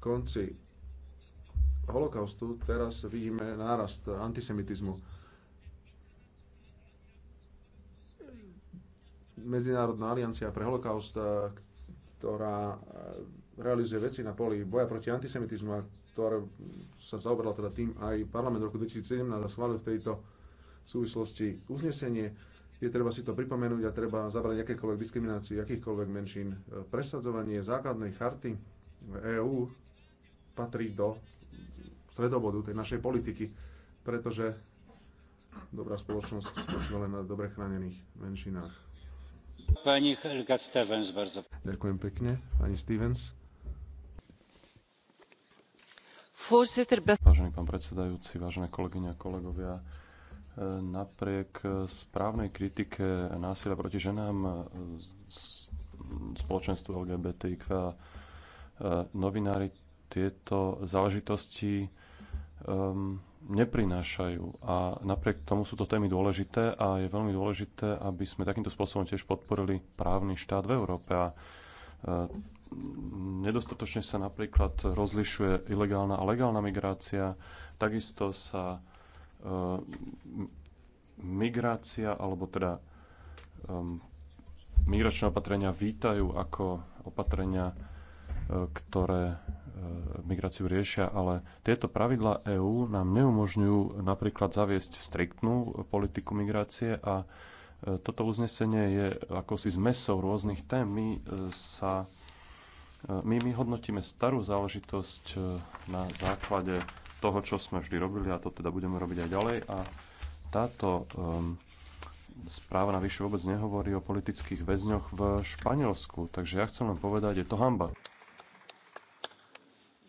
konci holokaustu teraz vidíme nárast antisemitizmu. Medzinárodná aliancia pre holokaust, eh, ktorá eh, realizuje veci na poli boja proti antisemitizmu a ktorá sa zaoberala teda tým aj parlament roku 2017 a schválil v tejto súvislosti uznesenie. Je treba si to pripomenúť a treba zabrať akékoľvek diskriminácii akýchkoľvek menšín. Eh, presadzovanie základnej charty EÚ patrí do stredobodu tej našej politiky, pretože dobrá spoločnosť spočíva len na dobre chránených menšinách. Pani Helga Stevens, bardzo. Ďakujem pekne, pani Stevens. Vážený pán predsedajúci, vážené kolegyne a kolegovia, e, napriek správnej kritike násilia proti ženám e, spoločenstvu LGBTIQ e, novinári tieto záležitosti um, neprinášajú. A napriek tomu sú to témy dôležité a je veľmi dôležité, aby sme takýmto spôsobom tiež podporili právny štát v Európe. A ehm, nedostatočne sa napríklad rozlišuje ilegálna a legálna migrácia, takisto sa e, migrácia alebo teda e, migračné opatrenia vítajú ako opatrenia, e, ktoré E, migráciu riešia, ale tieto pravidlá EÚ nám neumožňujú napríklad zaviesť striktnú politiku migrácie a e, toto uznesenie je ako si zmesou rôznych tém. My e, sa my, my hodnotíme starú záležitosť na základe toho, čo sme vždy robili a to teda budeme robiť aj ďalej. A táto um, správa navyše vôbec nehovorí o politických väzňoch v Španielsku. Takže ja chcem len povedať, je to hamba.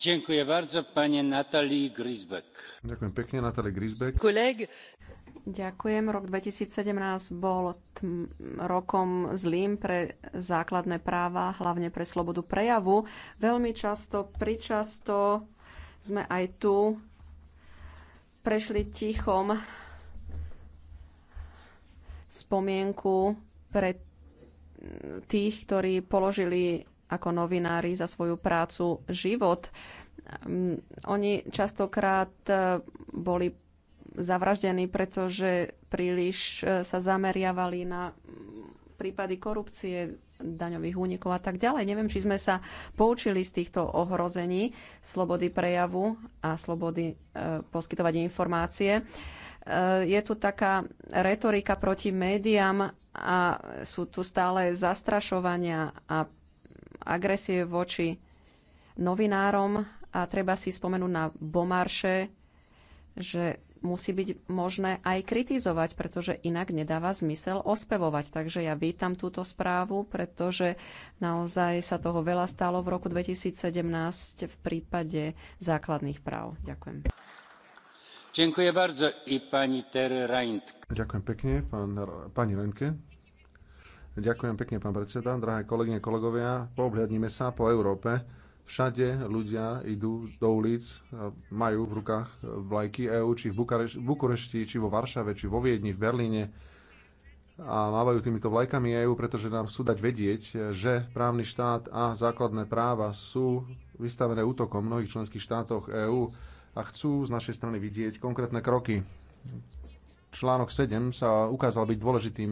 Ďakujem pekne, Natalie Grisbeck. Koleg. Ďakujem. Rok 2017 bol rokom zlým pre základné práva, hlavne pre slobodu prejavu. Veľmi často, pričasto sme aj tu prešli tichom spomienku pre tých, ktorí položili ako novinári za svoju prácu život. Mm, oni častokrát e, boli zavraždení, pretože príliš e, sa zameriavali na mm, prípady korupcie, daňových únikov a tak ďalej. Neviem, či sme sa poučili z týchto ohrození slobody prejavu a slobody e, poskytovať informácie. E, je tu taká retorika proti médiám a sú tu stále zastrašovania a agresie voči novinárom a treba si spomenúť na Bomarše, že musí byť možné aj kritizovať, pretože inak nedáva zmysel ospevovať. Takže ja vítam túto správu, pretože naozaj sa toho veľa stalo v roku 2017 v prípade základných práv. Ďakujem. Ďakujem bardzo i pani Ter Reint. Ďakujem pekne, pán, pani Reintke. Ďakujem pekne, pán predseda. Drahé kolegyne, kolegovia, poobhľadníme sa po Európe. Všade ľudia idú do ulic, majú v rukách vlajky EÚ, či v Bukurešti, či vo Varšave, či vo Viedni, v Berlíne a mávajú týmito vlajkami EÚ, pretože nám chcú dať vedieť, že právny štát a základné práva sú vystavené útokom v mnohých členských štátoch EÚ a chcú z našej strany vidieť konkrétne kroky. Článok 7 sa ukázal byť dôležitým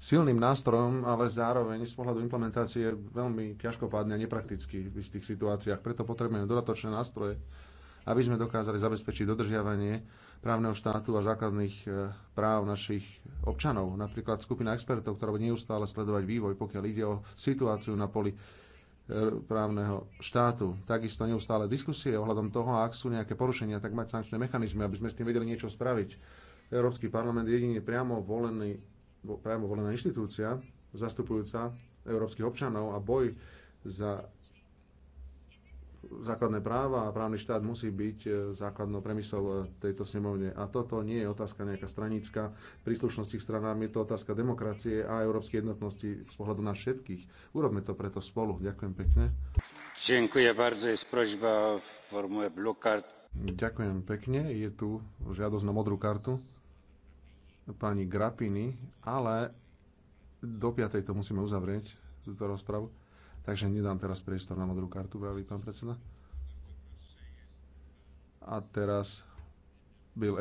silným nástrojom, ale zároveň z pohľadu implementácie veľmi ťažkopádne a neprakticky v istých situáciách. Preto potrebujeme dodatočné nástroje, aby sme dokázali zabezpečiť dodržiavanie právneho štátu a základných e, práv našich občanov. Napríklad skupina expertov, ktorá bude neustále sledovať vývoj, pokiaľ ide o situáciu na poli e, právneho štátu. Takisto neustále diskusie ohľadom toho, ak sú nejaké porušenia, tak mať sankčné mechanizmy, aby sme s tým vedeli niečo spraviť. Európsky parlament je jedine priamo volený právom volená inštitúcia, zastupujúca európskych občanov a boj za základné práva a právny štát musí byť e, základnou premisou e, tejto snemovne. A toto nie je otázka nejaká stranická príslušnosti k stranám, je to otázka demokracie a európskej jednotnosti z pohľadu na všetkých. Urobme to preto spolu. Ďakujem pekne. Ďakujem bardzo, je prožba formuje blue card. Ďakujem pekne, je tu žiadosť na modrú kartu pani Grapiny, ale do piatej to musíme uzavrieť, túto rozpravu. Takže nedám teraz priestor na modrú kartu, vraví pán predseda. A teraz Bill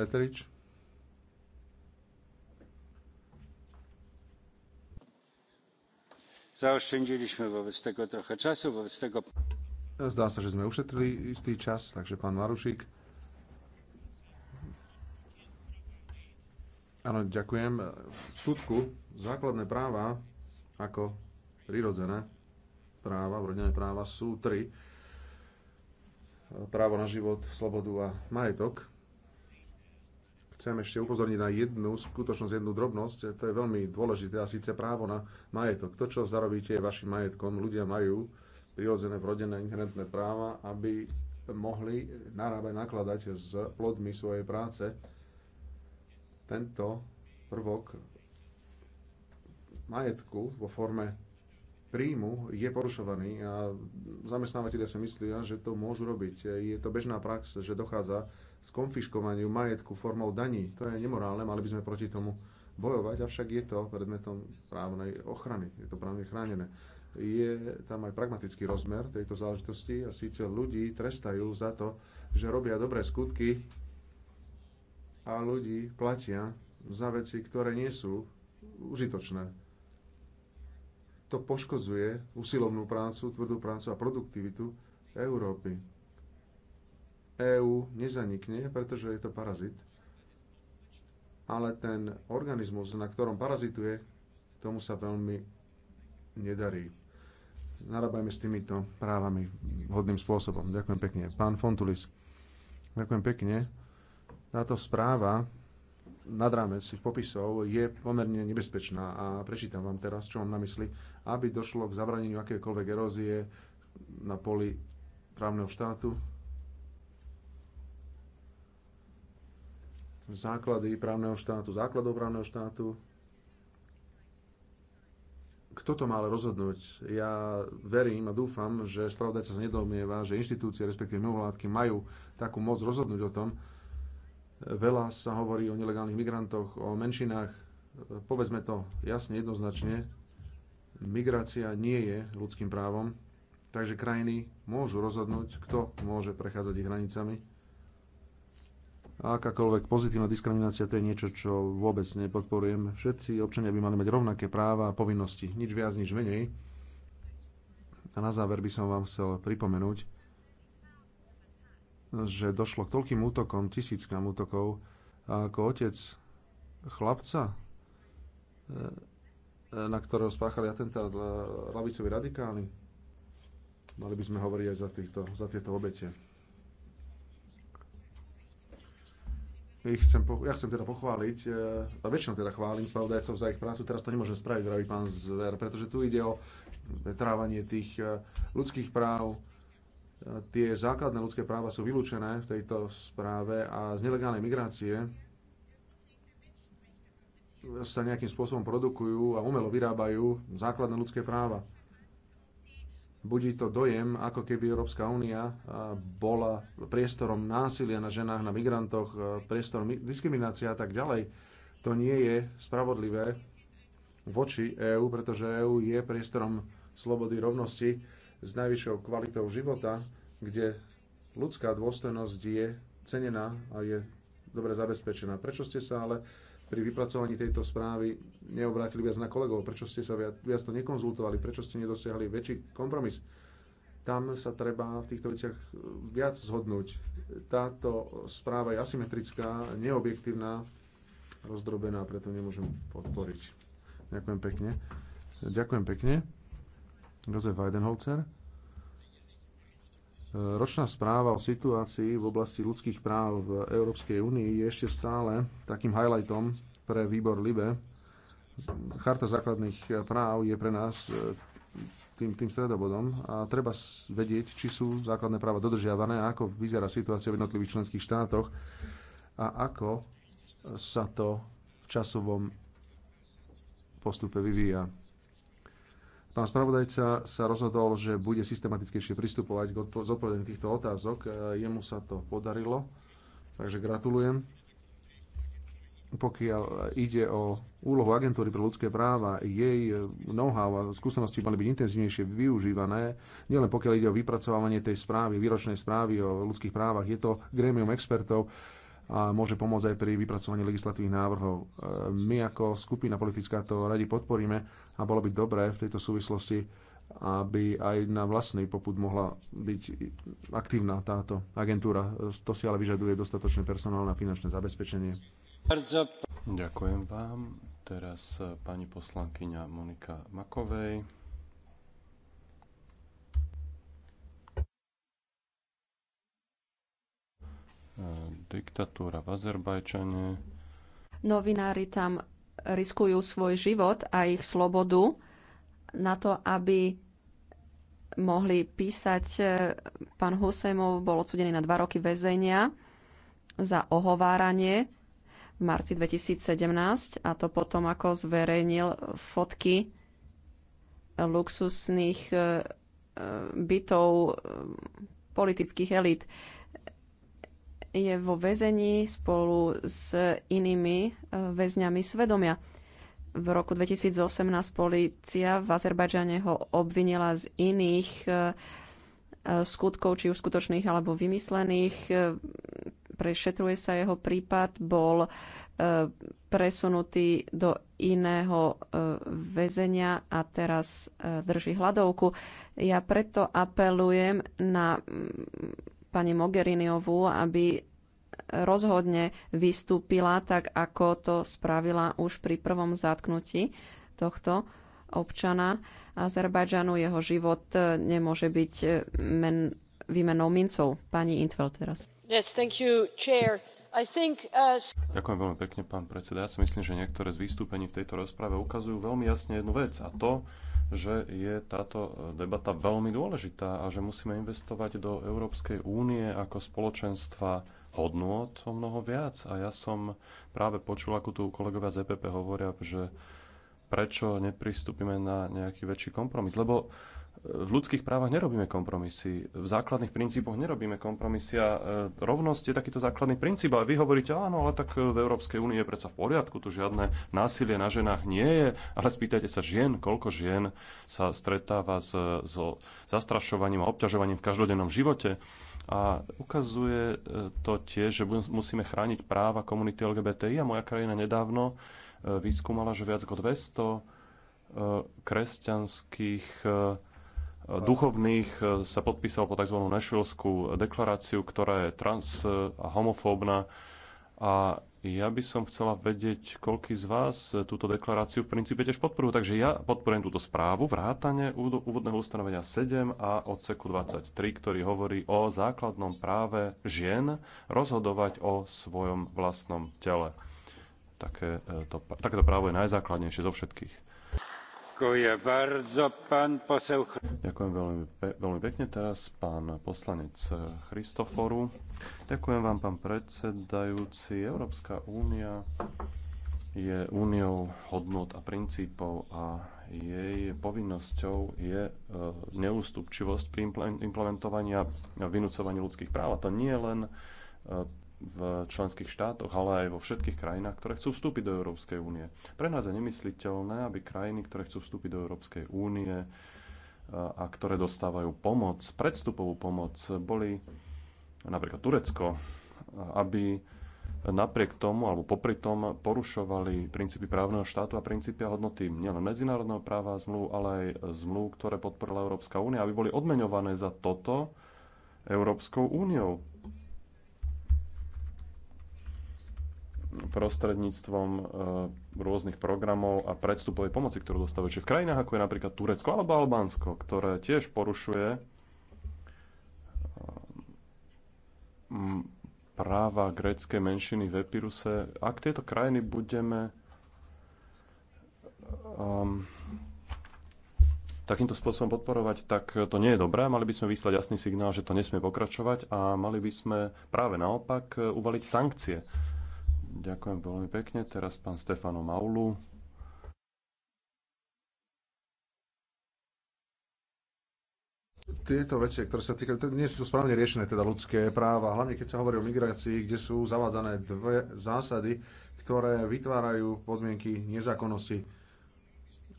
Zaoštendili sme vôbec tego trochu času, vôbec tego... Zdá sa, že sme ušetrili istý čas, takže pán Marušík. Áno, ďakujem. V skutku základné práva ako prirodzené práva, rodinné práva sú tri. Právo na život, slobodu a majetok. Chcem ešte upozorniť na jednu skutočnosť, jednu drobnosť. To je veľmi dôležité a síce právo na majetok. To, čo zarobíte, je vašim majetkom. Ľudia majú prirodzené, vrodené, inherentné práva, aby mohli narábať, nakladať s plodmi svojej práce tento prvok majetku vo forme príjmu je porušovaný a zamestnávateľia si myslia, že to môžu robiť. Je to bežná prax, že dochádza k konfiškovaniu majetku formou daní. To je nemorálne, mali by sme proti tomu bojovať, avšak je to predmetom právnej ochrany, je to právne chránené. Je tam aj pragmatický rozmer tejto záležitosti a síce ľudí trestajú za to, že robia dobré skutky, a ľudí platia za veci, ktoré nie sú užitočné. To poškodzuje usilovnú prácu, tvrdú prácu a produktivitu Európy. EÚ nezanikne, pretože je to parazit, ale ten organizmus, na ktorom parazituje, tomu sa veľmi nedarí. Narábajme s týmito právami vhodným spôsobom. Ďakujem pekne. Pán Fontulis, ďakujem pekne táto správa nad rámec tých popisov je pomerne nebezpečná a prečítam vám teraz, čo mám na mysli, aby došlo k zabraneniu akékoľvek erózie na poli právneho štátu, základy právneho štátu, základov právneho štátu. Kto to má ale rozhodnúť? Ja verím a dúfam, že spravodajca sa nedomieva, že inštitúcie, respektíve mimovládky, majú takú moc rozhodnúť o tom, Veľa sa hovorí o nelegálnych migrantoch, o menšinách. Povedzme to jasne, jednoznačne. Migrácia nie je ľudským právom, takže krajiny môžu rozhodnúť, kto môže prechádzať ich hranicami. A akákoľvek pozitívna diskriminácia to je niečo, čo vôbec nepodporujem. Všetci občania by mali mať rovnaké práva a povinnosti. Nič viac, nič menej. A na záver by som vám chcel pripomenúť, že došlo k toľkým útokom, tisíckam útokov, a ako otec chlapca, e, e, na ktorého spáchali atentát e, lavicovi radikáli, mali by sme hovoriť aj za, týchto, za tieto obete. Ich chcem, ja chcem teda pochváliť, a väčšinou teda chválim spravodajcov za ich prácu, teraz to nemôžem spraviť, vraví pán Zver, pretože tu ide o trávanie tých ľudských práv, Tie základné ľudské práva sú vylúčené v tejto správe a z nelegálnej migrácie sa nejakým spôsobom produkujú a umelo vyrábajú základné ľudské práva. Budí to dojem, ako keby Európska únia bola priestorom násilia na ženách, na migrantoch, priestorom diskriminácia a tak ďalej. To nie je spravodlivé voči EÚ, pretože EÚ je priestorom slobody, rovnosti s najvyššou kvalitou života, kde ľudská dôstojnosť je cenená a je dobre zabezpečená. Prečo ste sa ale pri vypracovaní tejto správy neobrátili viac na kolegov? Prečo ste sa viac, viac to nekonzultovali? Prečo ste nedosiahli väčší kompromis? Tam sa treba v týchto veciach viac zhodnúť. Táto správa je asymetrická, neobjektívna, rozdrobená, preto nemôžem podporiť. Ďakujem pekne. Ďakujem pekne. Jozef Weidenholzer. E, ročná správa o situácii v oblasti ľudských práv v Európskej únii je ešte stále takým highlightom pre výbor LIBE. Charta základných práv je pre nás e, tým, tým stredobodom a treba vedieť, či sú základné práva dodržiavané a ako vyzerá situácia v jednotlivých členských štátoch a ako sa to v časovom postupe vyvíja. Pán spravodajca sa rozhodol, že bude systematickejšie pristupovať k zodpovedaniu týchto otázok. E, jemu sa to podarilo, takže gratulujem. Pokiaľ ide o úlohu agentúry pre ľudské práva, jej know-how a skúsenosti mali byť intenzívnejšie využívané, nielen pokiaľ ide o vypracovanie tej správy, výročnej správy o ľudských právach, je to grémium expertov, a môže pomôcť aj pri vypracovaní legislatívnych návrhov. E, my ako skupina politická to radi podporíme a bolo by dobré v tejto súvislosti, aby aj na vlastný poput mohla byť aktívna táto agentúra. To si ale vyžaduje dostatočné personálne a finančné zabezpečenie. Ďakujem vám. Teraz e, pani poslankyňa Monika Makovej. diktatúra v Azerbajčane. Novinári tam riskujú svoj život a ich slobodu na to, aby mohli písať. E, pán Husemov bol odsudený na dva roky väzenia za ohováranie v marci 2017 a to potom, ako zverejnil fotky luxusných e, e, bytov politických elít je vo väzení spolu s inými e, väzňami svedomia. V roku 2018 policia v Azerbajdžane ho obvinila z iných e, e, skutkov, či už skutočných alebo vymyslených. Prešetruje sa jeho prípad, bol presunutý do iného väzenia a teraz drží hladovku. Ja preto apelujem na pani Mogheriniovú, aby rozhodne vystúpila tak, ako to spravila už pri prvom zatknutí tohto občana Azerbajdžanu. Jeho život e, nemôže byť e, men, výmenou mincov. Pani Intvel teraz. Yes, thank you, chair. I think, uh... Ďakujem veľmi pekne, pán predseda. Ja si myslím, že niektoré z vystúpení v tejto rozprave ukazujú veľmi jasne jednu vec a to, že je táto debata veľmi dôležitá a že musíme investovať do Európskej únie ako spoločenstva hodnôt o mnoho viac. A ja som práve počul, ako tu kolegovia z EPP hovoria, že prečo nepristúpime na nejaký väčší kompromis. Lebo v ľudských právach nerobíme kompromisy, v základných princípoch nerobíme kompromisy a e, rovnosť je takýto základný princíp. A vy hovoríte, áno, ale tak e, v Európskej únii je predsa v poriadku, tu žiadne násilie na ženách nie je, ale spýtajte sa žien, koľko žien sa stretáva s, so zastrašovaním a obťažovaním v každodennom živote. A ukazuje e, to tiež, že musíme chrániť práva komunity LGBTI a moja krajina nedávno vyskúmala, že viac ako 200 kresťanských duchovných e, sa podpísal po tzv. nešvilskú deklaráciu, ktorá je trans e, a homofóbna. A ja by som chcela vedieť, koľký z vás e, túto deklaráciu v princípe tiež podporujú. Takže ja podporujem túto správu, vrátane úvodného ustanovenia 7 a odseku 23, ktorý hovorí o základnom práve žien rozhodovať o svojom vlastnom tele. Také to, takéto právo je najzákladnejšie zo všetkých. Ďakujem veľmi, pekne. Teraz pán poslanec Christoforu. Ďakujem vám, pán predsedajúci. Európska únia je úniou hodnot a princípov a jej povinnosťou je e, neústupčivosť pri implementovaní a vynúcovaní ľudských práv. A to nie len e, v členských štátoch, ale aj vo všetkých krajinách, ktoré chcú vstúpiť do Európskej únie. Pre nás je nemysliteľné, aby krajiny, ktoré chcú vstúpiť do Európskej únie a ktoré dostávajú pomoc, predstupovú pomoc, boli napríklad Turecko, aby napriek tomu alebo popri tom porušovali princípy právneho štátu a princípy a hodnoty nielen medzinárodného práva a zmluv, ale aj zmluv, ktoré podporila Európska únia, aby boli odmeňované za toto Európskou úniou. prostredníctvom e, rôznych programov a predstupovej pomoci, ktorú dostávajú. Čiže v krajinách ako je napríklad Turecko alebo Albánsko, ktoré tiež porušuje e, práva gréckej menšiny v Epiruse, ak tieto krajiny budeme um, takýmto spôsobom podporovať, tak to nie je dobré. Mali by sme vyslať jasný signál, že to nesmie pokračovať a mali by sme práve naopak uvaliť sankcie Ďakujem veľmi pekne. Teraz pán Stefano Maulu. Tieto veci, ktoré sa týkajú, nie sú správne riešené, teda ľudské práva, hlavne keď sa hovorí o migrácii, kde sú zavádzané dve zásady, ktoré vytvárajú podmienky nezákonnosti.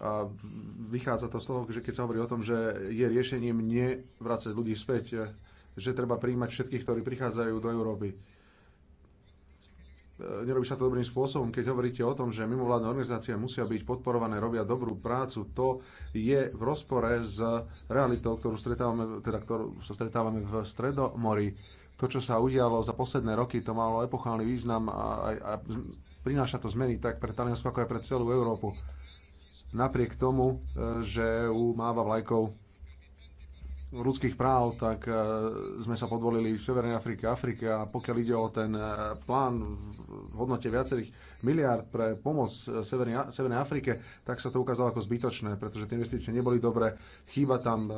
A vychádza to z toho, že keď sa hovorí o tom, že je riešením nevrácať ľudí späť, že treba príjmať všetkých, ktorí prichádzajú do Európy E, nerobí sa to dobrým spôsobom. Keď hovoríte o tom, že mimovládne organizácie musia byť podporované, robia dobrú prácu, to je v rozpore s realitou, ktorú, stretávame, teda, ktorú sa stretávame v Stredomori. To, čo sa udialo za posledné roky, to malo epochálny význam a, a prináša to zmeny tak pre Taliansko, ako aj pre celú Európu. Napriek tomu, e, že EU máva vlajkov ľudských práv, tak e, sme sa podvolili v Severnej Afrike, Afrike a pokiaľ ide o ten e, plán v hodnote viacerých miliárd pre pomoc e, Severnej, Severnej Afrike, tak sa to ukázalo ako zbytočné, pretože tie investície neboli dobré, chýba tam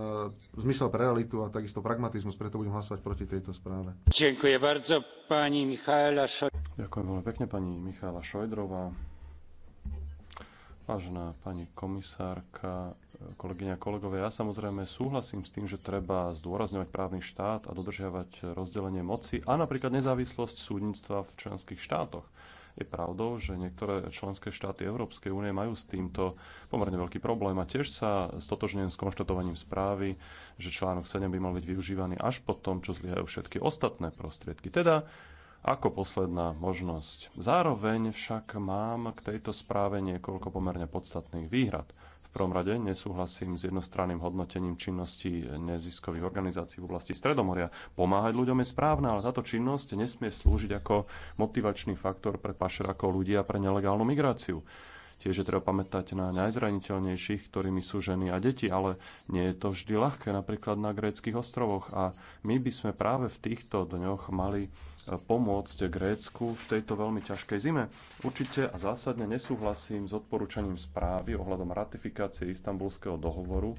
zmysel pre realitu a takisto pragmatizmus, preto budem hlasovať proti tejto správe. Ďakujem pani Michaela Ďakujem veľmi pekne pani Michála Šojdrová. Vážená pani komisárka, kolegyňa, kolegovia, ja samozrejme súhlasím s tým, že treba zdôrazňovať právny štát a dodržiavať rozdelenie moci a napríklad nezávislosť súdnictva v členských štátoch. Je pravdou, že niektoré členské štáty Európskej únie majú s týmto pomerne veľký problém a tiež sa stotožňujem s konštatovaním správy, že článok 7 by mal byť využívaný až po tom, čo zlyhajú všetky ostatné prostriedky. Teda ako posledná možnosť. Zároveň však mám k tejto správe niekoľko pomerne podstatných výhrad. V prvom rade nesúhlasím s jednostranným hodnotením činnosti neziskových organizácií v oblasti Stredomoria. Pomáhať ľuďom je správne, ale táto činnosť nesmie slúžiť ako motivačný faktor pre pašerakov ľudí a pre nelegálnu migráciu. Tiež je treba pamätať na najzraniteľnejších, ktorými sú ženy a deti, ale nie je to vždy ľahké, napríklad na gréckých ostrovoch. A my by sme práve v týchto dňoch mali e, pomôcť Grécku v tejto veľmi ťažkej zime. Určite a zásadne nesúhlasím s odporúčaním správy ohľadom ratifikácie istambulského dohovoru,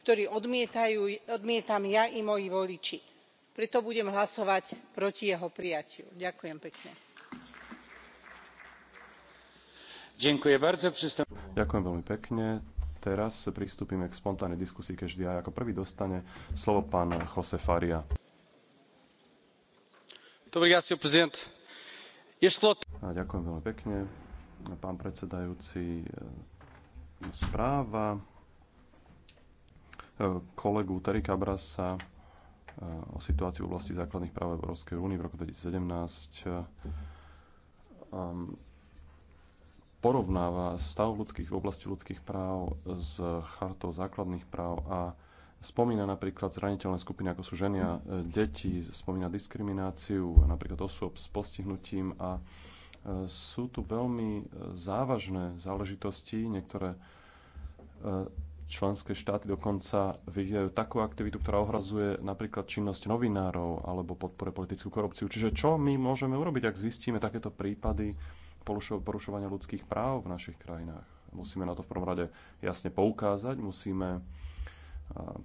ktorý odmietam ja i moji voliči preto budem hlasovať proti jeho prijatiu. ďakujem pekne. ďakujem veľmi pekne. teraz pristúpime k spontánnej diskusii keďže the ako prvý dostane slovo pán josé faria. ďakujem veľmi pekne. pán predsedajúci e, správa E, kolegu Terika Brasa e, o situácii v oblasti základných práv Európskej únie v roku 2017 e, um, porovnáva stav ľudských v oblasti ľudských práv s chartou základných práv a spomína napríklad zraniteľné skupiny, ako sú ženy a deti, spomína diskrimináciu napríklad osôb s postihnutím a sú tu veľmi závažné záležitosti, niektoré členské štáty dokonca vyvíjajú takú aktivitu, ktorá ohrazuje napríklad činnosť novinárov alebo podpore politickú korupciu. Čiže čo my môžeme urobiť, ak zistíme takéto prípady porušovania ľudských práv v našich krajinách? Musíme na to v prvom rade jasne poukázať, musíme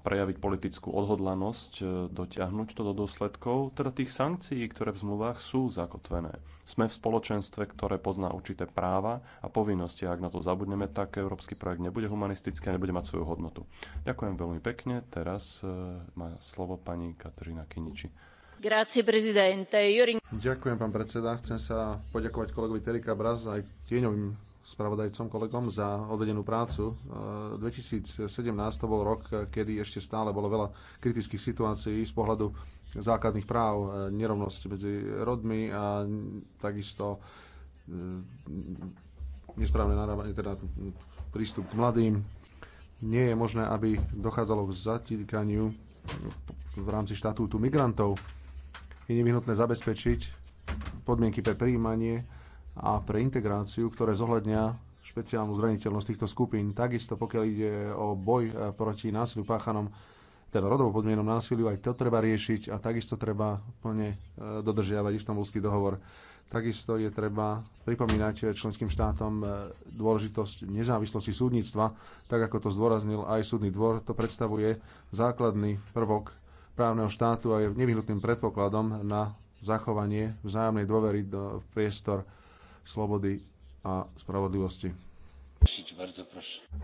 prejaviť politickú odhodlanosť e, dotiahnuť to do dôsledkov, teda tých sankcií, ktoré v zmluvách sú zakotvené. Sme v spoločenstve, ktoré pozná určité práva a povinnosti. ak na to zabudneme, tak európsky projekt nebude humanistický a nebude mať svoju hodnotu. Ďakujem veľmi pekne. Teraz e, má slovo pani Katarína Kiniči. Grazie, Ďakujem, pán predseda. Chcem sa poďakovať kolegovi Terika Braz aj tieňovým spravodajcom, kolegom za odvedenú prácu. 2017 e, to bol rok, kedy ešte stále bolo veľa kritických situácií z pohľadu základných práv, e, nerovnosť medzi rodmi a takisto e, nesprávne narábanie, teda prístup k mladým. Nie je možné, aby dochádzalo k zatýkaniu v rámci štatútu migrantov. Je nevyhnutné zabezpečiť podmienky pre príjmanie a pre integráciu, ktoré zohľadnia špeciálnu zraniteľnosť týchto skupín. Takisto pokiaľ ide o boj e, proti násiliu páchanom, teda rodovo podmienom násiliu, aj to treba riešiť a takisto treba plne e, dodržiavať istambulský dohovor. Takisto je treba pripomínať členským štátom e, dôležitosť nezávislosti súdnictva, tak ako to zdôraznil aj súdny dvor. To predstavuje základný prvok právneho štátu a je nevyhnutným predpokladom na zachovanie vzájomnej dôvery do priestor slobody a spravodlivosti.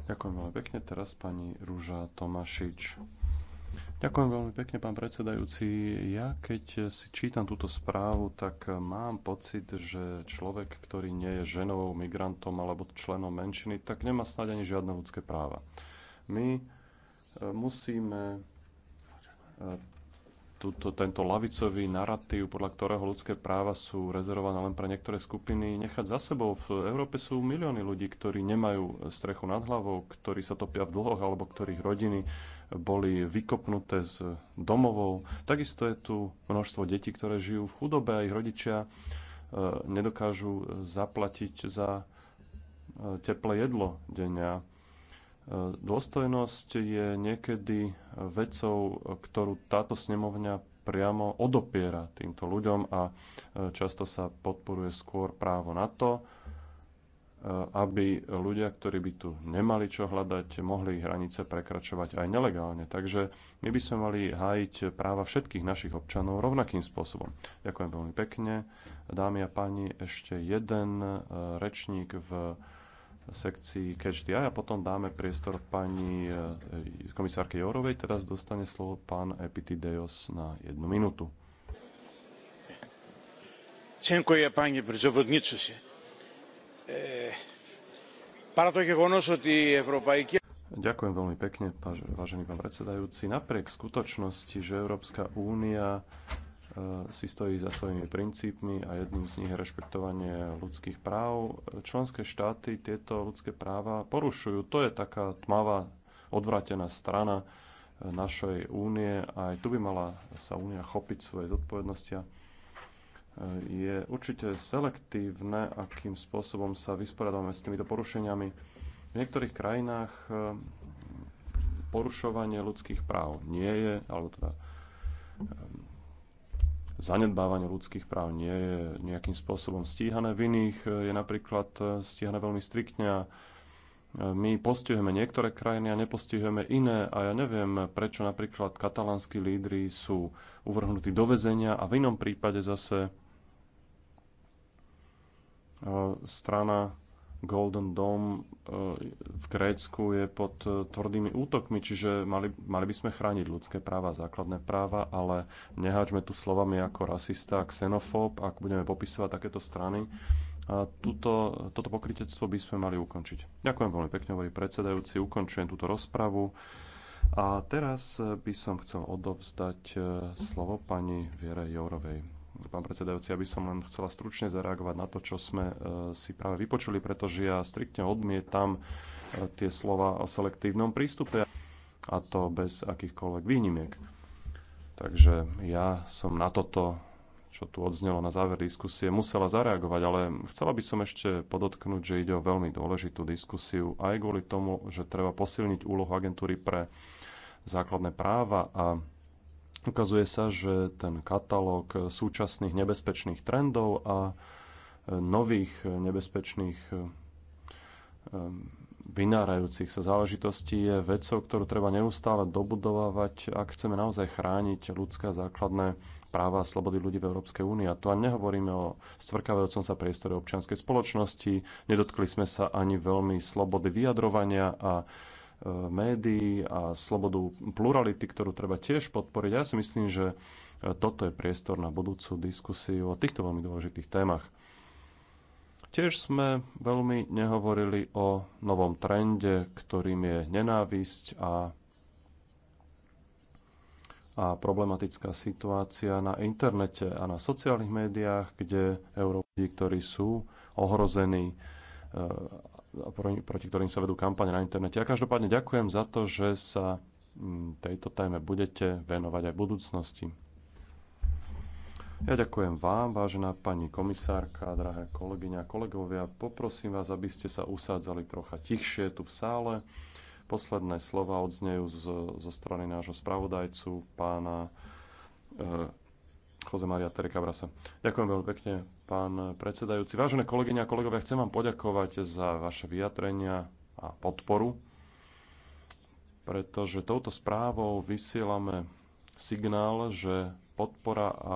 Ďakujem veľmi pekne. Teraz pani Rúža Tomašič. Ďakujem veľmi pekne, pán predsedajúci. Ja keď si čítam túto správu, tak mám pocit, že človek, ktorý nie je ženou, migrantom alebo členom menšiny, tak nemá snáď ani žiadne ľudské práva. My eh, musíme eh, túto, tento lavicový narratív, podľa ktorého ľudské práva sú rezervované len pre niektoré skupiny, nechať za sebou. V Európe sú milióny ľudí, ktorí nemajú strechu nad hlavou, ktorí sa topia v dlhoch alebo ktorých rodiny boli vykopnuté z domovov. Takisto je tu množstvo detí, ktoré žijú v chudobe a ich rodičia e, nedokážu zaplatiť za e, teplé jedlo denne. Dôstojnosť je niekedy vecou, ktorú táto snemovňa priamo odopiera týmto ľuďom a e, často sa podporuje skôr právo na to, e, aby ľudia, ktorí by tu nemali čo hľadať, mohli hranice prekračovať aj nelegálne. Takže my by sme mali hájiť práva všetkých našich občanov rovnakým spôsobom. Ďakujem veľmi pekne. Dámy a páni, ešte jeden e, rečník v sekcii Catch the a potom dáme priestor pani e, e, komisárke Jorovej. Teraz dostane slovo pán Epitideos na jednu minútu. Dziękuję panie przewodniczący. E, Ďakujem veľmi pekne, vážený pán predsedajúci. Napriek skutočnosti, že Európska únia E, si stojí za svojimi princípmi a jedným z nich je rešpektovanie ľudských práv. Členské štáty tieto ľudské práva porušujú. To je taká tmavá, odvratená strana e, našej únie a aj tu by mala sa únia chopiť svoje zodpovednosti. E, je určite selektívne, akým spôsobom sa vysporiadame s týmito porušeniami. V niektorých krajinách porušovanie ľudských práv nie je, alebo teda zanedbávanie ľudských práv nie je nejakým spôsobom stíhané. V iných e, je napríklad e, stíhané veľmi striktne a e, my postihujeme niektoré krajiny a nepostihujeme iné a ja neviem, prečo napríklad katalánsky lídry sú uvrhnutí do väzenia a v inom prípade zase strana Golden Dome e, v Grécku je pod e, tvrdými útokmi, čiže mali, mali by sme chrániť ľudské práva, základné práva, ale nehačme tu slovami ako rasista xenofób, ak budeme popisovať takéto strany. A tuto, toto pokritectvo by sme mali ukončiť. Ďakujem veľmi pekne, hovorí predsedajúci, ukončujem túto rozpravu. A teraz by som chcel odovzdať e, slovo pani Viere Jourovej pán predsedajúci, aby som len chcela stručne zareagovať na to, čo sme e, si práve vypočuli, pretože ja striktne odmietam e, tie slova o selektívnom prístupe a to bez akýchkoľvek výnimiek. Takže ja som na toto, čo tu odznelo na záver diskusie, musela zareagovať, ale chcela by som ešte podotknúť, že ide o veľmi dôležitú diskusiu aj kvôli tomu, že treba posilniť úlohu agentúry pre základné práva a Ukazuje sa, že ten katalóg súčasných nebezpečných trendov a e, nových nebezpečných e, e, vynárajúcich sa záležitostí je vecou, ktorú treba neustále dobudovávať, ak chceme naozaj chrániť ľudské základné práva a slobody ľudí v Európskej únii. A tu ani nehovoríme o stvrkavajúcom sa priestore občianskej spoločnosti, nedotkli sme sa ani veľmi slobody vyjadrovania a médií a slobodu plurality, ktorú treba tiež podporiť. Ja si myslím, že toto je priestor na budúcu diskusiu o týchto veľmi dôležitých témach. Tiež sme veľmi nehovorili o novom trende, ktorým je nenávisť a, a problematická situácia na internete a na sociálnych médiách, kde Európy, ktorí sú ohrození e, proti ktorým sa vedú kampane na internete. A každopádne ďakujem za to, že sa mm, tejto téme budete venovať aj v budúcnosti. Ja ďakujem vám, vážená pani komisárka, drahé kolegyňa a kolegovia. Poprosím vás, aby ste sa usádzali trocha tichšie tu v sále. Posledné slova odznejú zo, zo strany nášho spravodajcu, pána e, Jose Maria Terekabrasa. Ďakujem veľmi pekne, pán predsedajúci. Vážené kolegyne a kolegovia, chcem vám poďakovať za vaše vyjadrenia a podporu, pretože touto správou vysielame signál, že podpora a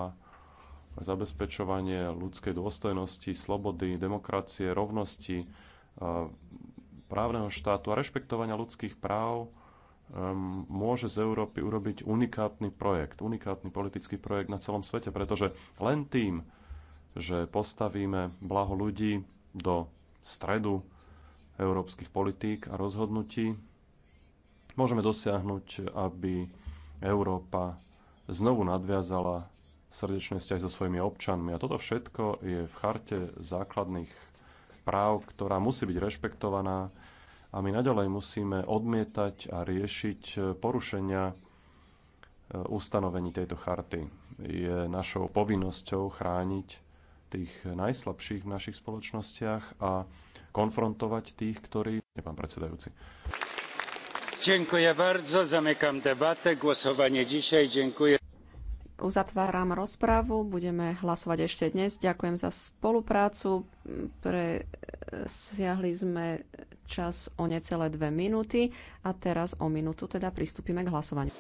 zabezpečovanie ľudskej dôstojnosti, slobody, demokracie, rovnosti, eh, právneho štátu a rešpektovania ľudských práv Ehm, môže z Európy urobiť unikátny projekt, unikátny politický projekt na celom svete, pretože len tým, že postavíme blaho ľudí do stredu európskych politík a rozhodnutí, môžeme dosiahnuť, aby Európa znovu nadviazala srdečné vzťahy so svojimi občanmi. A toto všetko je v charte základných práv, ktorá musí byť rešpektovaná a my naďalej musíme odmietať a riešiť e, porušenia e, ustanovení tejto charty. Je našou povinnosťou chrániť tých najslabších v našich spoločnostiach a konfrontovať tých, ktorí... Je pán predsedajúci. Ďakujem bardzo. Zamykam debatę. Głosowanie dzisiaj. Dziękuję. Uzatváram rozprávu, budeme hlasovať ešte dnes. Ďakujem za spoluprácu. Presiahli sme čas o necelé dve minúty a teraz o minútu teda pristúpime k hlasovaniu.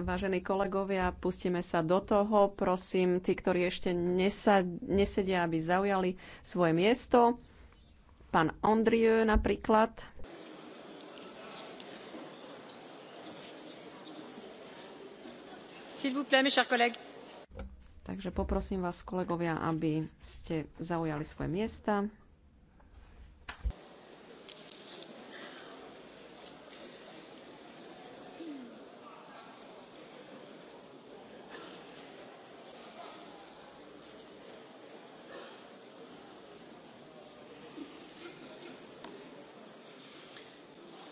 Vážení kolegovia, pustíme sa do toho. Prosím, tí, ktorí ešte nesedia, aby zaujali svoje miesto. Pán Andrieu napríklad. Takže poprosím vás, kolegovia, aby ste zaujali svoje miesta.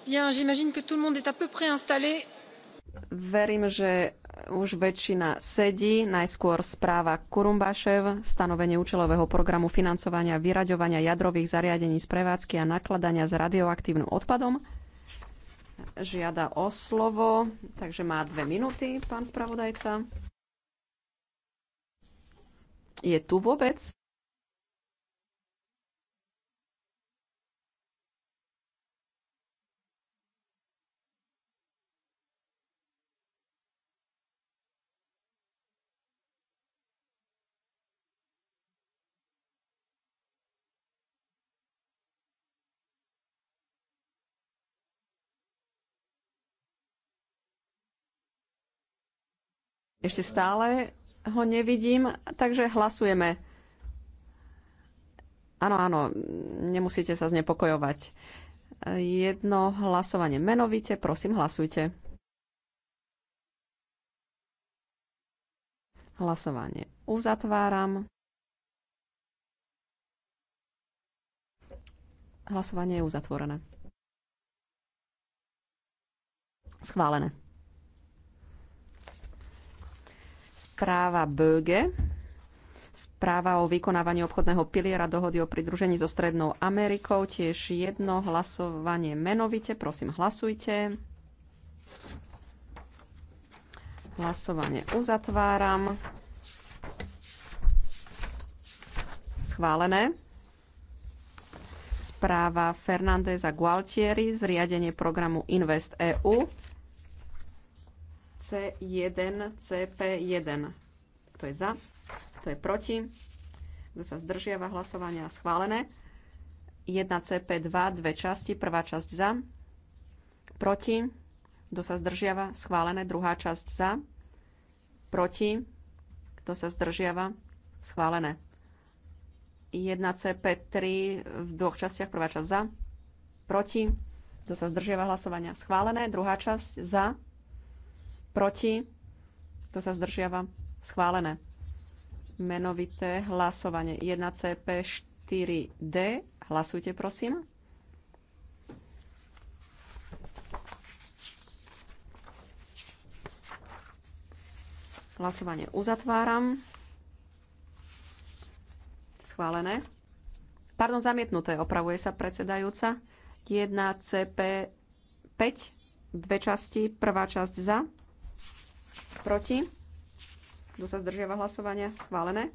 j'imagine que tout le monde est à peu près installé. Verím, že už väčšina sedí. Najskôr správa Kurumbašev, stanovenie účelového programu financovania vyraďovania jadrových zariadení z prevádzky a nakladania s radioaktívnym odpadom. Žiada o slovo, takže má dve minúty, pán spravodajca. Je tu vôbec? Ešte stále ho nevidím, takže hlasujeme. Áno, áno, nemusíte sa znepokojovať. Jedno hlasovanie menovite, prosím, hlasujte. Hlasovanie uzatváram. Hlasovanie je uzatvorené. Schválené. Správa Böge. Správa o vykonávaní obchodného piliera dohody o pridružení so Strednou Amerikou. Tiež jedno hlasovanie menovite. Prosím, hlasujte. Hlasovanie uzatváram. Schválené. Správa Fernández a Gualtieri, zriadenie programu Invest EU. C1, CP1. Kto je za? Kto je proti? Kto sa zdržiava hlasovania? Schválené. 1 CP2, dve časti. Prvá časť za. Proti. Kto sa zdržiava? Schválené. Druhá časť za. Proti. Kto sa zdržiava? Schválené. 1 CP3 v dvoch častiach. Prvá časť za. Proti. Kto sa zdržiava hlasovania? Schválené. Druhá časť za proti, kto sa zdržiava, schválené. Menovité hlasovanie 1CP4D. Hlasujte, prosím. Hlasovanie uzatváram. Schválené. Pardon, zamietnuté. Opravuje sa predsedajúca. 1 CP 5. Dve časti. Prvá časť za. Proti? Kto sa zdržiava hlasovania? Schválené.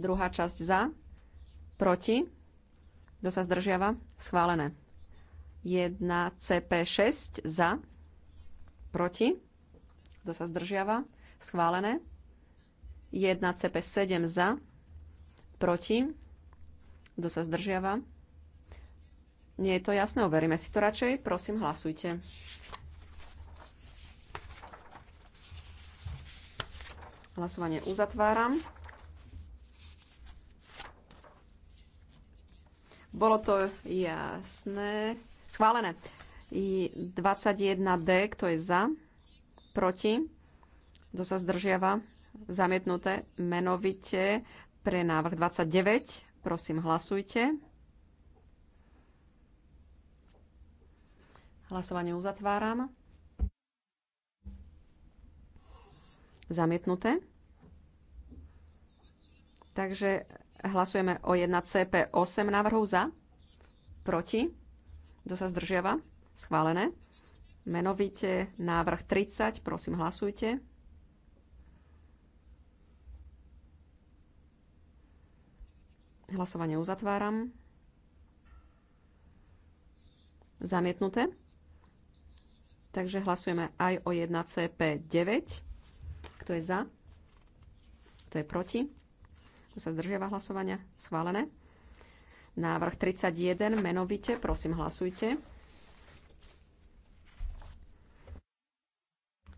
Druhá časť za. Proti? Kto sa zdržiava? Schválené. 1 CP6 za. Proti? Kto sa zdržiava? Schválené. 1 CP7 za. Proti? Kto sa zdržiava? Nie je to jasné, overíme si to radšej. Prosím, hlasujte. Hlasovanie uzatváram. Bolo to jasné. Schválené. 21D, kto je za, proti, kto sa zdržiava, zamietnuté menovite pre návrh 29. Prosím, hlasujte. Hlasovanie uzatváram. Zamietnuté. Takže hlasujeme o 1CP 8 návrhov za, proti, kto sa zdržiava, schválené. Menovite návrh 30, prosím hlasujte. Hlasovanie uzatváram. Zamietnuté. Takže hlasujeme aj o 1CP 9. Kto je za? Kto je proti? Kto sa zdržiava hlasovania? Schválené. Návrh 31, menovite, prosím, hlasujte.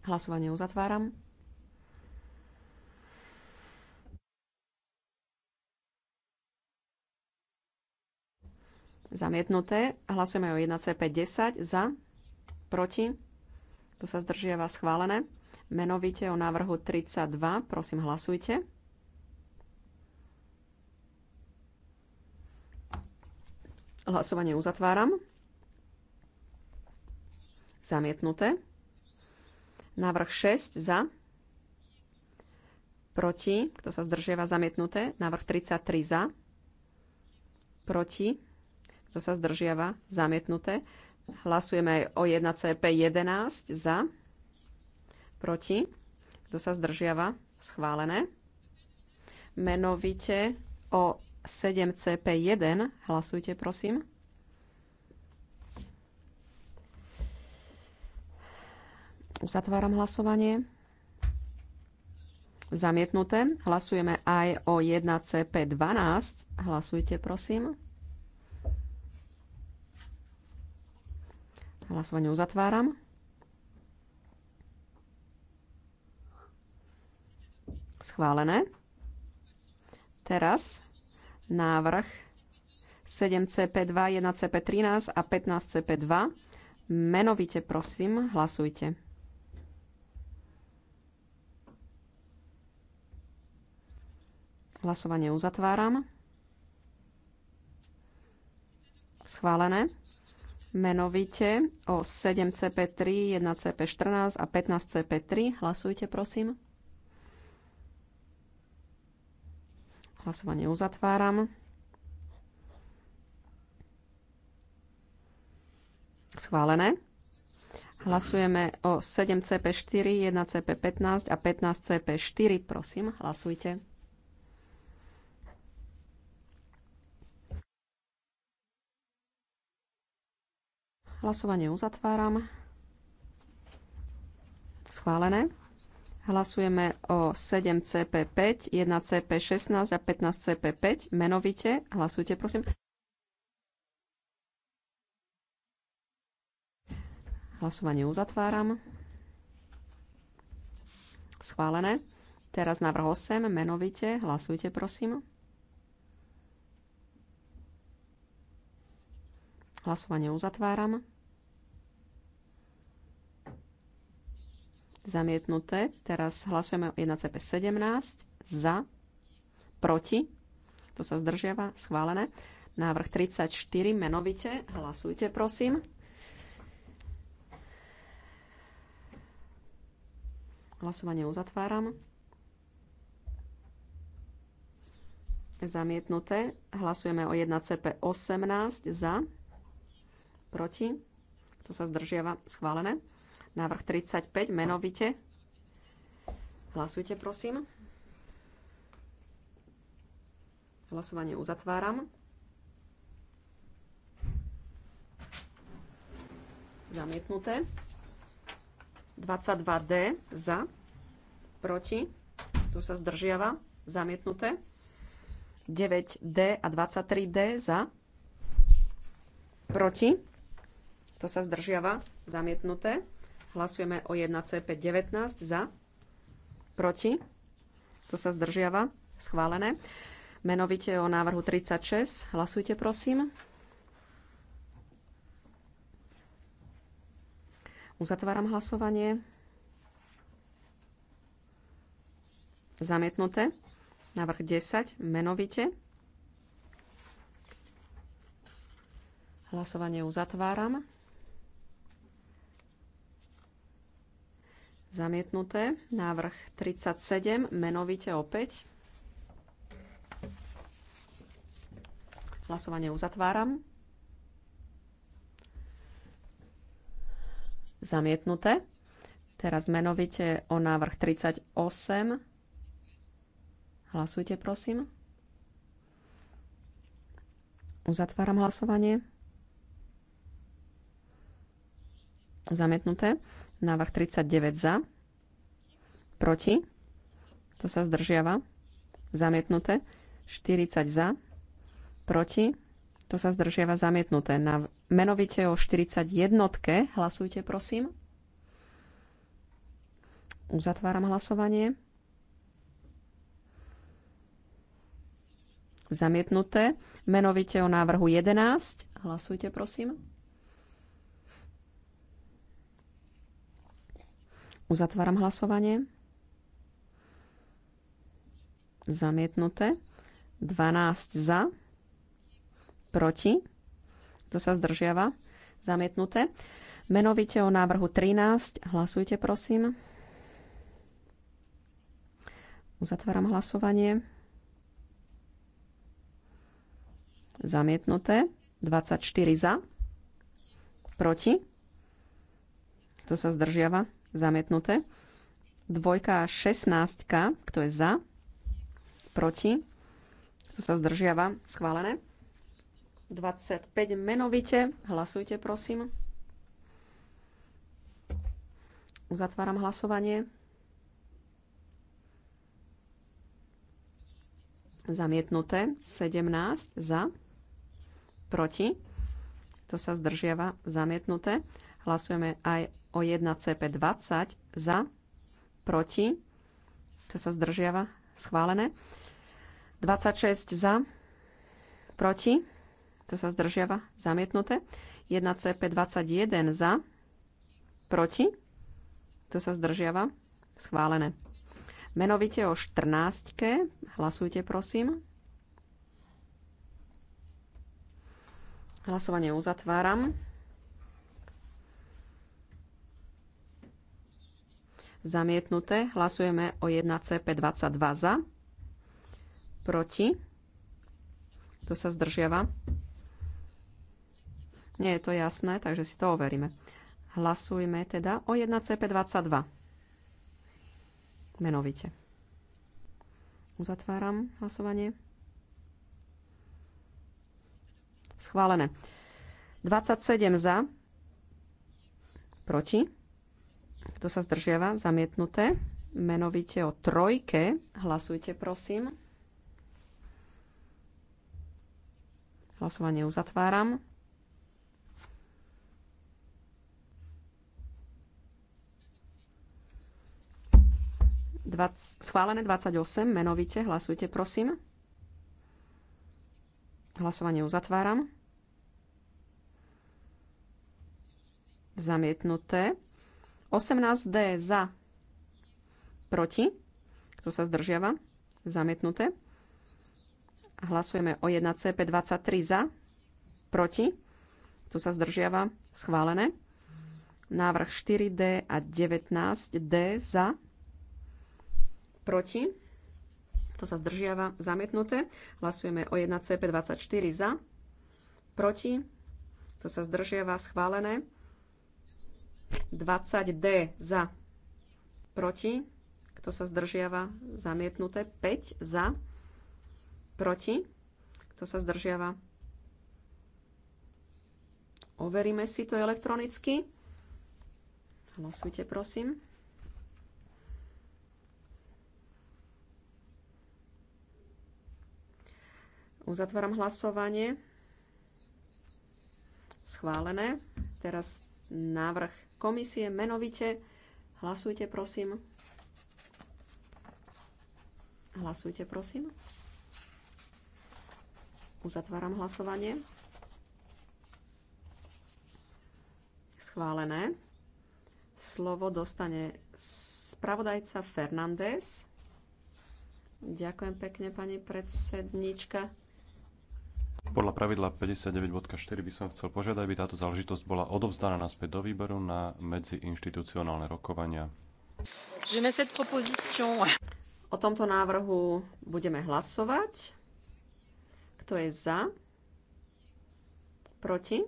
Hlasovanie uzatváram. Zamietnuté. Hlasujeme o 1C510 za, proti. Tu sa zdržiava schválené menovite o návrhu 32. Prosím, hlasujte. Hlasovanie uzatváram. Zamietnuté. Návrh 6 za. Proti. Kto sa zdržiava? Zamietnuté. Návrh 33 za. Proti. Kto sa zdržiava? Zamietnuté. Hlasujeme aj o 1CP11 za proti, kto sa zdržiava, schválené. Menovite o 7CP1 hlasujte, prosím. Uzatváram hlasovanie. Zamietnuté. Hlasujeme aj o 1CP12. Hlasujte, prosím. Hlasovanie uzatváram. Schválené. Teraz návrh 7CP2, 1CP13 a 15CP2. Menovite prosím, hlasujte. Hlasovanie uzatváram. Schválené. Menovite o 7CP3, 1CP14 a 15CP3. Hlasujte, prosím. Hlasovanie uzatváram. Schválené. Hlasujeme o 7CP4, 1CP15 a 15CP4. Prosím, hlasujte. Hlasovanie uzatváram. Schválené. Hlasujeme o 7CP5, 1CP16 a 15CP5. Menovite. Hlasujte, prosím. Hlasovanie uzatváram. Schválené. Teraz návrh 8, menovite. Hlasujte, prosím. Hlasovanie uzatváram. zamietnuté. Teraz hlasujeme o 1CP17 za, proti, to sa zdržiava, schválené. Návrh 34 menovite, hlasujte prosím. Hlasovanie uzatváram. Zamietnuté. Hlasujeme o 1CP18 za, proti, to sa zdržiava, schválené. Návrh 35 menovite. Hlasujte, prosím. Hlasovanie uzatváram. Zamietnuté. 22D za, proti, tu sa zdržiava, zamietnuté. 9D a 23D za, proti, to sa zdržiava, zamietnuté. Hlasujeme o 1C519 za, proti, to sa zdržiava, schválené. Menovite o návrhu 36. Hlasujte, prosím. Uzatváram hlasovanie. Zamietnuté. Návrh 10. Menovite. Hlasovanie uzatváram. Zamietnuté. Návrh 37, menovite opäť. Hlasovanie uzatváram. Zamietnuté. Teraz menovite o návrh 38. Hlasujte, prosím. Uzatváram hlasovanie. Zamietnuté. Návrh 39 za. Proti. To sa zdržiava. Zamietnuté. 40 za. Proti. To sa zdržiava zamietnuté. Na menovite o 41. Hlasujte, prosím. Uzatváram hlasovanie. Zamietnuté. Menovite o návrhu 11. Hlasujte, prosím. Uzatváram hlasovanie. Zamietnuté. 12 za. Proti. Kto sa zdržiava? Zamietnuté. Menovite o návrhu 13. Hlasujte, prosím. Uzatváram hlasovanie. Zamietnuté. 24 za. Proti. Kto sa zdržiava? zamietnuté. Dvojka a šestnáctka, kto je za, proti, kto sa zdržiava, schválené. 25 menovite, hlasujte prosím. Uzatváram hlasovanie. Zamietnuté 17 za, proti. To sa zdržiava zamietnuté. Hlasujeme aj o 1 CP20 za, proti, to sa zdržiava, schválené. 26 za, proti, to sa zdržiava, zamietnuté. 1 CP21 za, proti, to sa zdržiava, schválené. Menovite o 14. Hlasujte, prosím. Hlasovanie uzatváram. zamietnuté. Hlasujeme o 1CP22 za, proti, kto sa zdržiava. Nie je to jasné, takže si to overíme. Hlasujme teda o 1CP22. Menovite. Uzatváram hlasovanie. Schválené. 27 za, proti, kto sa zdržiava? Zamietnuté. Menovite o trojke. Hlasujte, prosím. Hlasovanie uzatváram. schválené 28, menovite, hlasujte prosím. Hlasovanie uzatváram. Zamietnuté. 18D za, proti, kto sa zdržiava, zamietnuté. Hlasujeme o 1CP23 za, proti, kto sa zdržiava, schválené. Návrh 4D a 19D za, proti, kto sa zdržiava, zamietnuté. Hlasujeme o 1CP24 za, proti, kto sa zdržiava, schválené. 20D za, proti, kto sa zdržiava, zamietnuté, 5 za, proti, kto sa zdržiava. Overíme si to elektronicky. Hlasujte, prosím. Uzatváram hlasovanie. Schválené. Teraz návrh komisie menovite. Hlasujte, prosím. Hlasujte, prosím. Uzatváram hlasovanie. Schválené. Slovo dostane spravodajca Fernández. Ďakujem pekne, pani predsednička. Podľa pravidla 59.4 by som chcel požiadať, aby táto záležitosť bola odovzdaná naspäť do výboru na medziinštitucionálne rokovania. O tomto návrhu budeme hlasovať. Kto je za? Proti?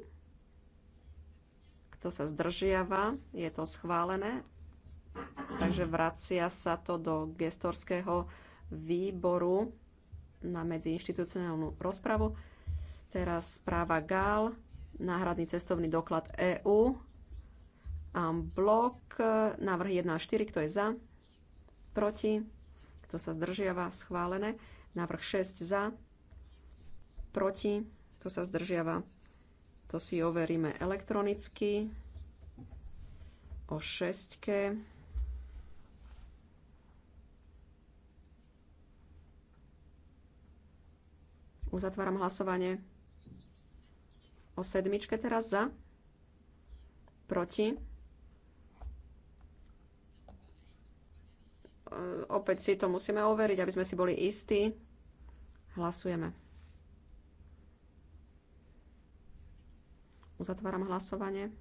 Kto sa zdržiava? Je to schválené. Takže vracia sa to do gestorského výboru na medziinštitucionálnu rozpravu. Teraz správa GAL, náhradný cestovný doklad EÚ. Blok, návrh 1 a 4, kto je za? Proti? Kto sa zdržiava? Schválené. Návrh 6 za? Proti? Kto sa zdržiava? To si overíme elektronicky. O 6. Uzatváram hlasovanie o sedmičke teraz za, proti. E, opäť si to musíme overiť, aby sme si boli istí. Hlasujeme. Uzatváram hlasovanie.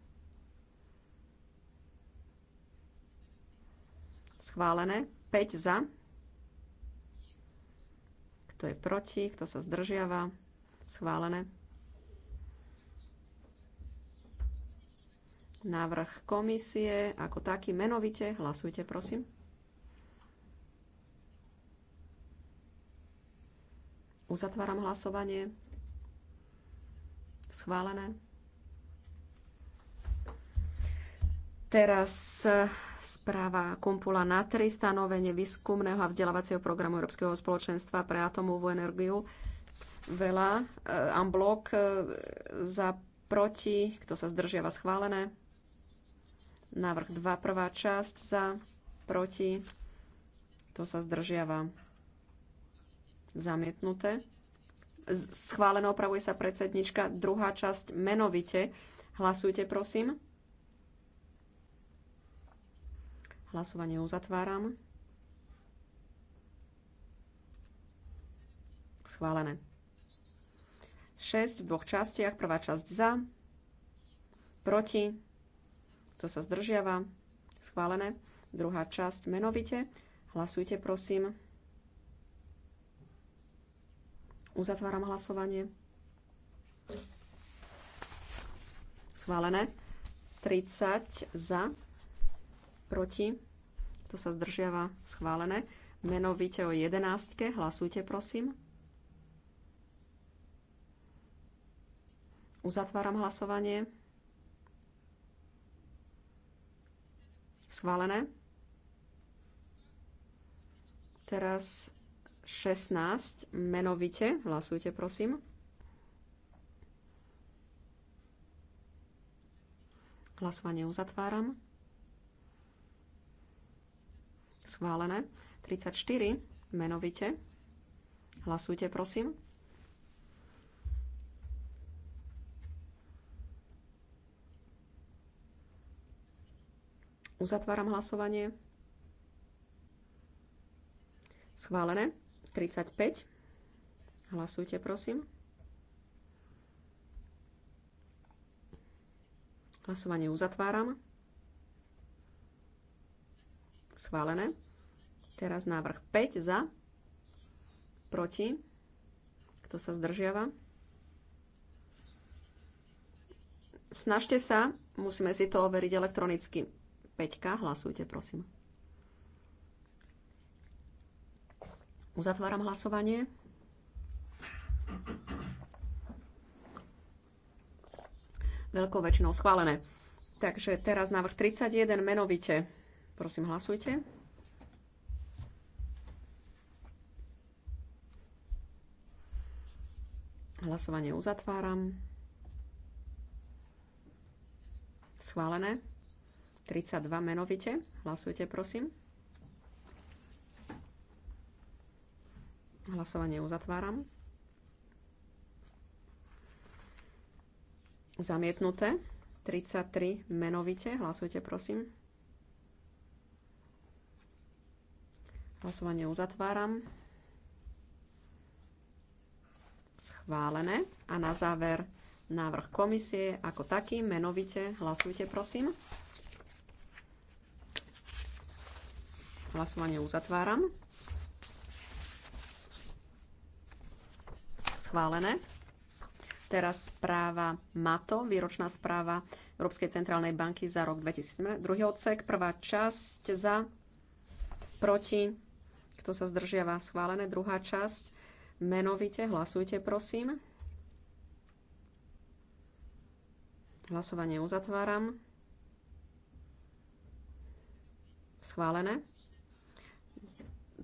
Schválené. 5 za. Kto je proti? Kto sa zdržiava? Schválené. návrh komisie ako taký menovite. Hlasujte, prosím. Uzatváram hlasovanie. Schválené. Teraz eh, správa Kumpula na 3, stanovenie výskumného a vzdelávacieho programu Európskeho spoločenstva pre atomovú energiu. Veľa. Amblok eh, eh, za proti, kto sa zdržiava schválené. Návrh 2, prvá časť za, proti, to sa zdržiava. Zamietnuté. Schválené opravuje sa predsednička. Druhá časť menovite. Hlasujte, prosím. Hlasovanie uzatváram. Schválené. 6 v dvoch častiach. Prvá časť za, proti, kto sa zdržiava? Schválené. Druhá časť menovite. Hlasujte, prosím. Uzatváram hlasovanie. Schválené. 30 za, proti. To sa zdržiava. Schválené. Menovite o 11. Hlasujte, prosím. Uzatváram hlasovanie. Schválené. Teraz 16 menovite. Hlasujte, prosím. Hlasovanie uzatváram. Schválené. 34 menovite. Hlasujte, prosím. Uzatváram hlasovanie. Schválené. 35. Hlasujte, prosím. Hlasovanie uzatváram. Schválené. Teraz návrh 5 za, proti. Kto sa zdržiava? Snažte sa, musíme si to overiť elektronicky. Peťka, Hlasujte, prosím. Uzatváram hlasovanie. Veľkou väčšinou schválené. Takže teraz návrh 31 menovite. Prosím, hlasujte. Hlasovanie uzatváram. Schválené. 32 menovite. Hlasujte, prosím. Hlasovanie uzatváram. Zamietnuté. 33 menovite. Hlasujte, prosím. Hlasovanie uzatváram. Schválené. A na záver návrh komisie ako taký. Menovite hlasujte, prosím. Hlasovanie uzatváram. Schválené. Teraz správa MATO, výročná správa Európskej centrálnej banky za rok 2007. Druhý odsek, prvá časť za, proti, kto sa zdržiava, schválené. Druhá časť, menovite, hlasujte prosím. Hlasovanie uzatváram. Schválené.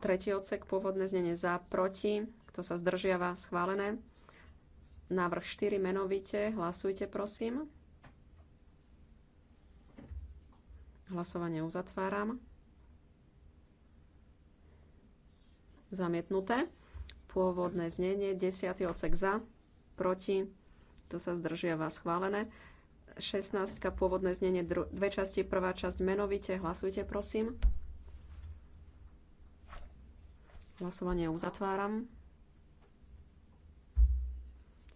Tretí odsek, pôvodné znenie za, proti, kto sa zdržiava, schválené. Návrh 4 menovite, hlasujte prosím. Hlasovanie uzatváram. Zamietnuté. Pôvodné znenie, 10. odsek za, proti, kto sa zdržiava, schválené. 16. pôvodné znenie, dve časti, prvá časť menovite, hlasujte prosím. Hlasovanie uzatváram.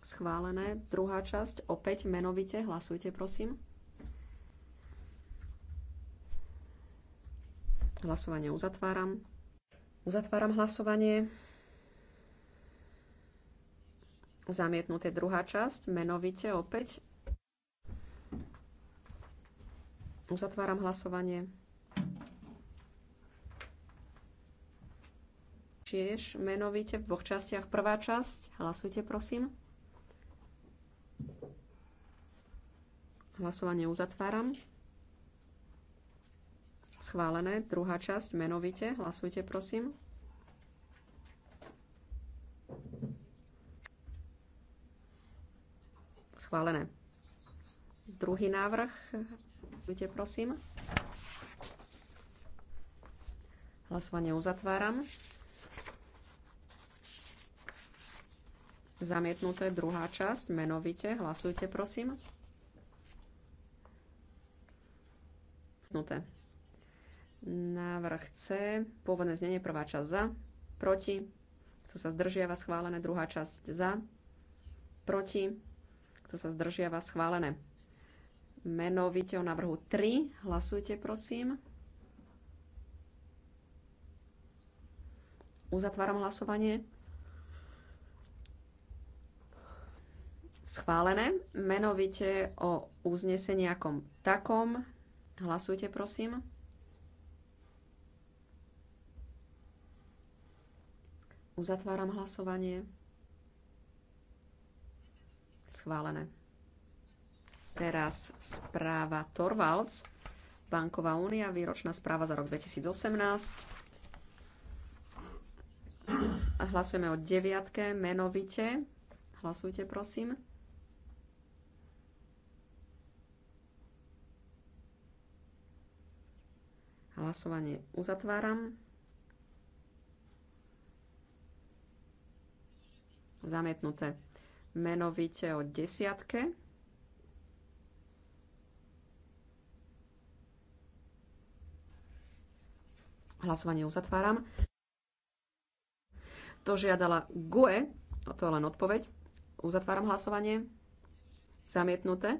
Schválené. Druhá časť. Opäť menovite. Hlasujte, prosím. Hlasovanie uzatváram. Uzatváram hlasovanie. Zamietnuté druhá časť, menovite opäť. Uzatváram hlasovanie. tiež menovite v dvoch častiach. Prvá časť, hlasujte prosím. Hlasovanie uzatváram. Schválené. Druhá časť, menovite. Hlasujte prosím. Schválené. Druhý návrh. Hlasujte prosím. Hlasovanie uzatváram. Zamietnuté druhá časť, menovite. Hlasujte, prosím. Návrh C, pôvodné znenie, prvá časť za, proti, kto sa zdržiava schválené, druhá časť za, proti, kto sa zdržiava schválené. Menovite o návrhu 3, hlasujte prosím. Uzatváram hlasovanie. schválené. Menovite o uznesení akom takom. Hlasujte, prosím. Uzatváram hlasovanie. Schválené. Teraz správa Torvalds. Banková únia, výročná správa za rok 2018. Hlasujeme o deviatke menovite. Hlasujte, prosím. Hlasovanie uzatváram. Zamietnuté menovite o desiatke. Hlasovanie uzatváram. To žiadala GUE, to je len odpoveď. Uzatváram hlasovanie. Zamietnuté.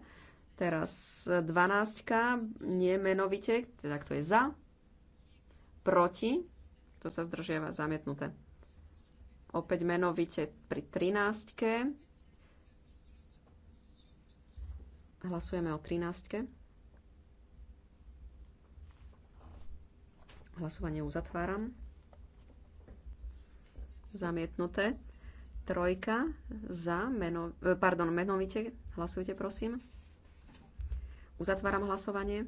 Teraz 12, nie menovite, teda kto je za, proti, to sa zdržiava, zamietnuté. Opäť menovite pri 13. Hlasujeme o 13. Hlasovanie uzatváram. Zamietnuté. Trojka za, meno, eh, pardon, menovite. Hlasujte, prosím. Uzatváram hlasovanie.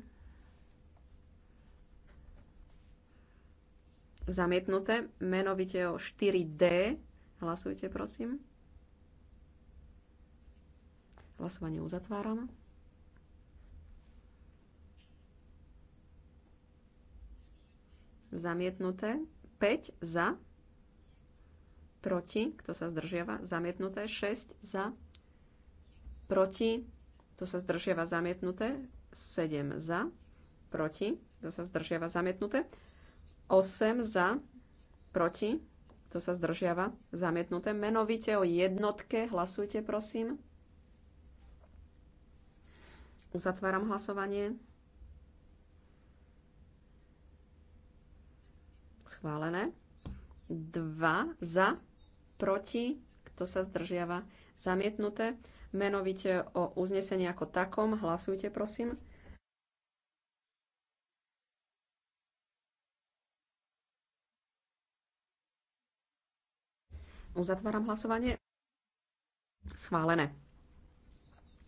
zamietnuté, menovite o 4D. Hlasujte, prosím. Hlasovanie uzatváram. Zamietnuté. 5 za. Proti. Kto sa zdržiava? Zamietnuté. 6 za. Proti. Kto sa zdržiava? Zamietnuté. 7 za. Proti. Kto sa zdržiava? Zamietnuté. 8 za, proti, to sa zdržiava, zamietnuté. Menovite o jednotke, hlasujte prosím. Uzatváram hlasovanie. Schválené. 2 za, proti, kto sa zdržiava, zamietnuté. Menovite o uznesení ako takom, hlasujte prosím. Uzatváram hlasovanie. Schválené.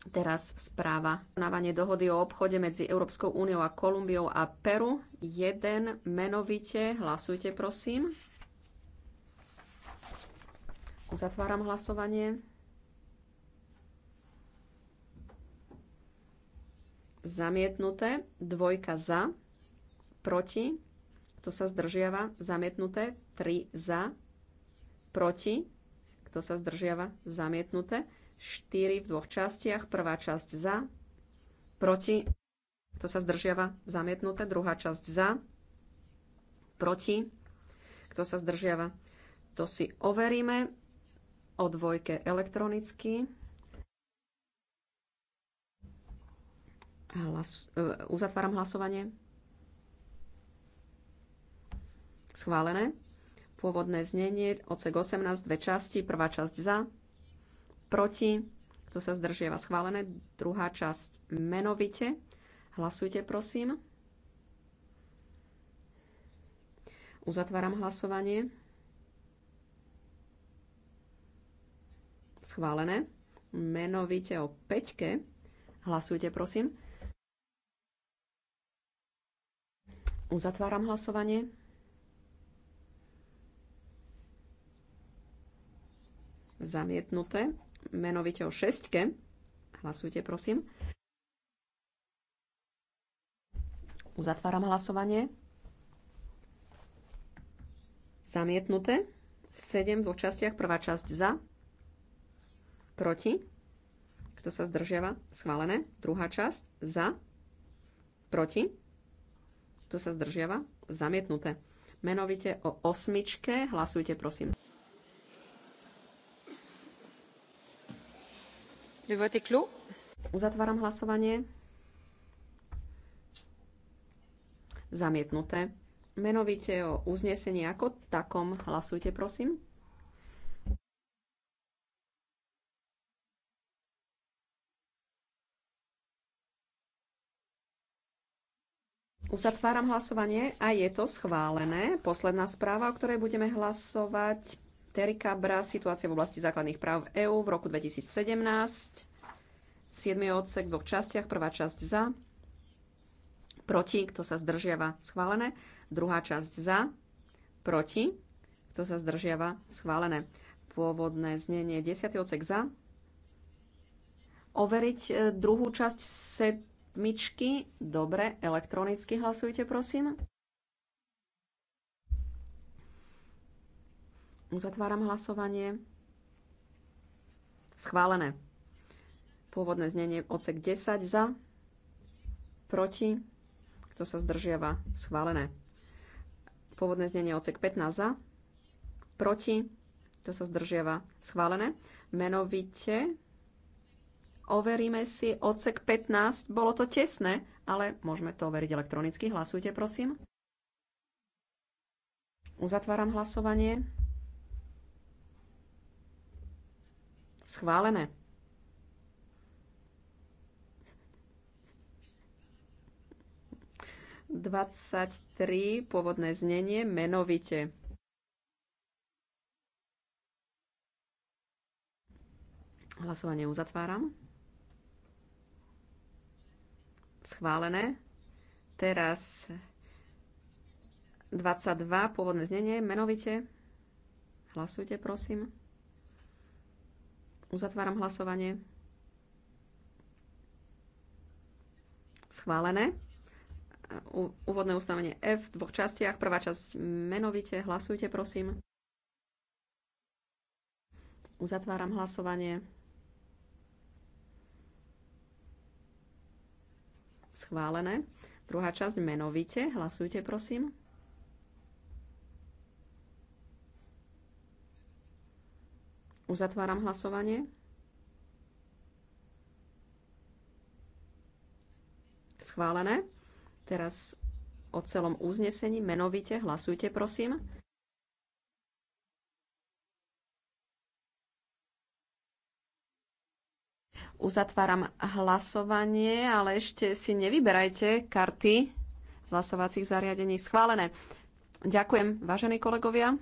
Teraz správa. Návanie dohody o obchode medzi Európskou úniou a Kolumbiou a Peru. Jeden menovite. Hlasujte, prosím. Uzatváram hlasovanie. Zamietnuté. Dvojka za. Proti. Kto sa zdržiava? Zamietnuté. Tri za proti, kto sa zdržiava, zamietnuté. 4 v dvoch častiach, prvá časť za, proti, kto sa zdržiava, zamietnuté, druhá časť za, proti, kto sa zdržiava. To si overíme o dvojke elektronicky. Hlas, e, uzatváram hlasovanie. Schválené. Pôvodné znenie, odsek 18, dve časti, prvá časť za, proti, kto sa zdržiava schválené, druhá časť menovite. Hlasujte, prosím. Uzatváram hlasovanie. Schválené. Menovite o peťke. Hlasujte, prosím. Uzatváram hlasovanie. zamietnuté. Menovite o šestke. Hlasujte, prosím. Uzatváram hlasovanie. Zamietnuté. 7 v dvoch častiach. Prvá časť za. Proti. Kto sa zdržiava? Schválené. Druhá časť za. Proti. Kto sa zdržiava? Zamietnuté. Menovite o osmičke. Hlasujte, prosím. Le vote est clos. Uzatváram hlasovanie. Zamietnuté. Menovite o uznesení ako takom hlasujte, prosím. Uzatváram hlasovanie a je to schválené. Posledná správa, o ktorej budeme hlasovať, Terika Cabra, situácia v oblasti základných práv v EÚ v roku 2017. 7. odsek v dvoch častiach. Prvá časť za, proti, kto sa zdržiava, schválené. Druhá časť za, proti, kto sa zdržiava, schválené. Pôvodné znenie 10. odsek za. Overiť e, druhú časť sedmičky. Dobre, elektronicky hlasujte, prosím. Uzatváram hlasovanie. Schválené. Pôvodné znenie odsek 10 za, proti, kto sa zdržiava, schválené. Pôvodné znenie odsek 15 za, proti, kto sa zdržiava, schválené. Menovite overíme si odsek 15. Bolo to tesné, ale môžeme to overiť elektronicky. Hlasujte, prosím. Uzatváram hlasovanie. Schválené. tri pôvodné znenie menovite. Hlasovanie uzatváram. Schválené. Teraz 22, pôvodné znenie, menovite. Hlasujte, prosím. Uzatváram hlasovanie. Schválené. Úvodné ustanovenie F v dvoch častiach. Prvá časť menovite. Hlasujte, prosím. Uzatváram hlasovanie. Schválené. Druhá časť menovite. Hlasujte, prosím. Uzatváram hlasovanie. Schválené. Teraz o celom uznesení menovite hlasujte, prosím. Uzatváram hlasovanie, ale ešte si nevyberajte karty hlasovacích zariadení schválené. Ďakujem, vážení kolegovia.